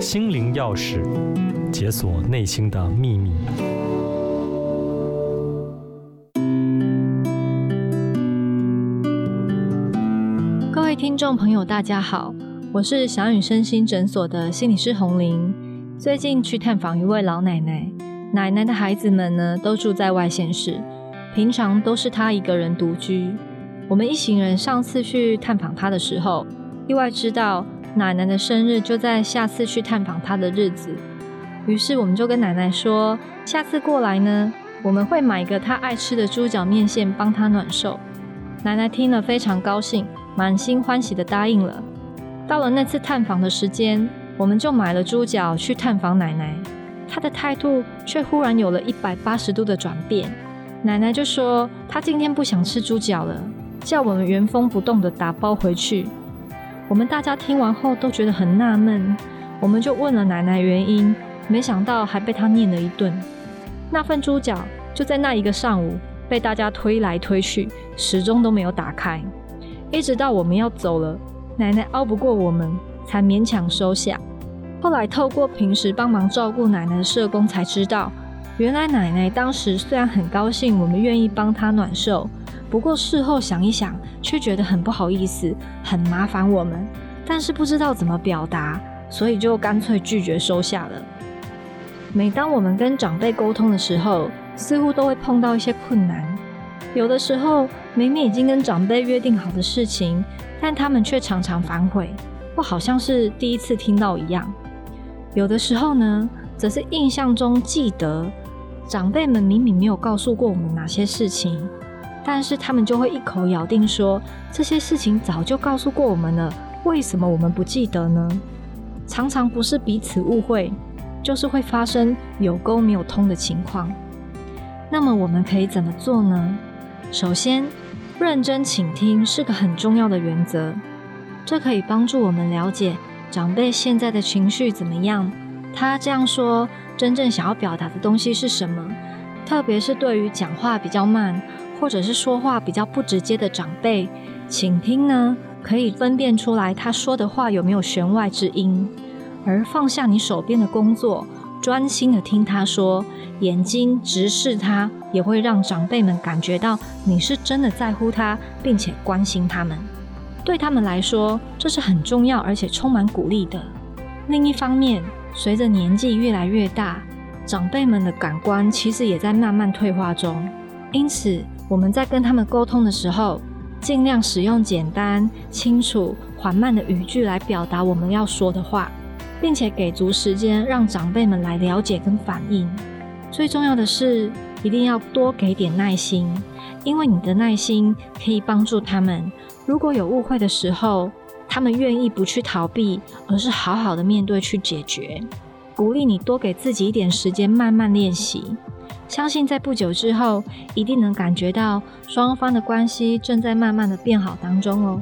心靈鑰匙，解鎖內心的秘密。各位聽眾朋友，大家好，我是翔宇身心診所的心理師洪玲。最近去探訪一位老奶奶，奶奶的孩子們呢，都住在外縣市，平常都是她一個人獨居。我們一行人上次去探訪她的時候，意外知道。奶奶的生日就在下次去探訪她的日子，於是我們就跟奶奶說，下次過來呢，我們會買一個她愛吃的豬腳麵線幫她暖壽。奶奶聽了非常高興，滿心歡喜的答應了。到了那次探訪的時間，我們就買了豬腳去探訪奶奶，她的態度卻忽然有了一百八十度的轉變。奶奶就說，她今天不想吃豬腳了，叫我們原封不動的打包回去。我們大家聽完後都覺得很納悶，我們就問了奶奶原因，沒想到還被她念了一頓。那份豬腳就在那一個上午被大家推來推去，始終都沒有打開，一直到我們要走了，奶奶拗不過我們，才勉強收下。後來透過平時幫忙照顧奶奶的社工才知道，原來奶奶當時雖然很高興我們願意幫她暖壽。不過事後想一想，卻覺得很不好意思，很麻煩我們，但是不知道怎麼表達，所以就乾脆拒絕收下了。每當我們跟長輩溝通的時候，似乎都會碰到一些困難。有的時候明明已經跟長輩約定好的事情，但他們卻常常反悔，或好像是第一次聽到一樣。有的時候呢，則是印象中記得長輩們明明沒有告訴過我們哪些事情。但是他們就會一口咬定說這些事情早就告訴過我們了，為什麼我們不記得呢？常常不是彼此誤會，就是會發生有溝沒有通的情況。那麼我們可以怎麼做呢？首先，認真傾聽是個很重要的原則，這可以幫助我們了解長輩現在的情緒怎麼樣，他這樣說真正想要表達的東西是什麼。特別是對於講話比較慢。或者是說話比較不直接的長輩，請聽呢，可以分辨出來他說的話有沒有弦外之音，而放下你手邊的工作，專心的聽他說，眼睛直視他，也會讓長輩們感覺到你是真的在乎他，並且關心他們。對他們來說，這是很重要而且充滿鼓勵的。另一方面，隨着年紀越來越大，長輩們的感官其實也在慢慢退化中，因此，我們在跟他們溝通的時候，盡量使用簡單、清楚、緩慢的語句來表達我們要說的話，並且給足時間讓長輩們來了解跟反應。最重要的是，一定要多給點耐心，因為你的耐心可以幫助他們。如果有誤會的時候，他們願意不去逃避，而是好好的面對去解決。鼓勵你多給自己一點時間，慢慢練習。相信在不久之後，一定能感覺到雙方的關係正在慢慢的變好當中哦。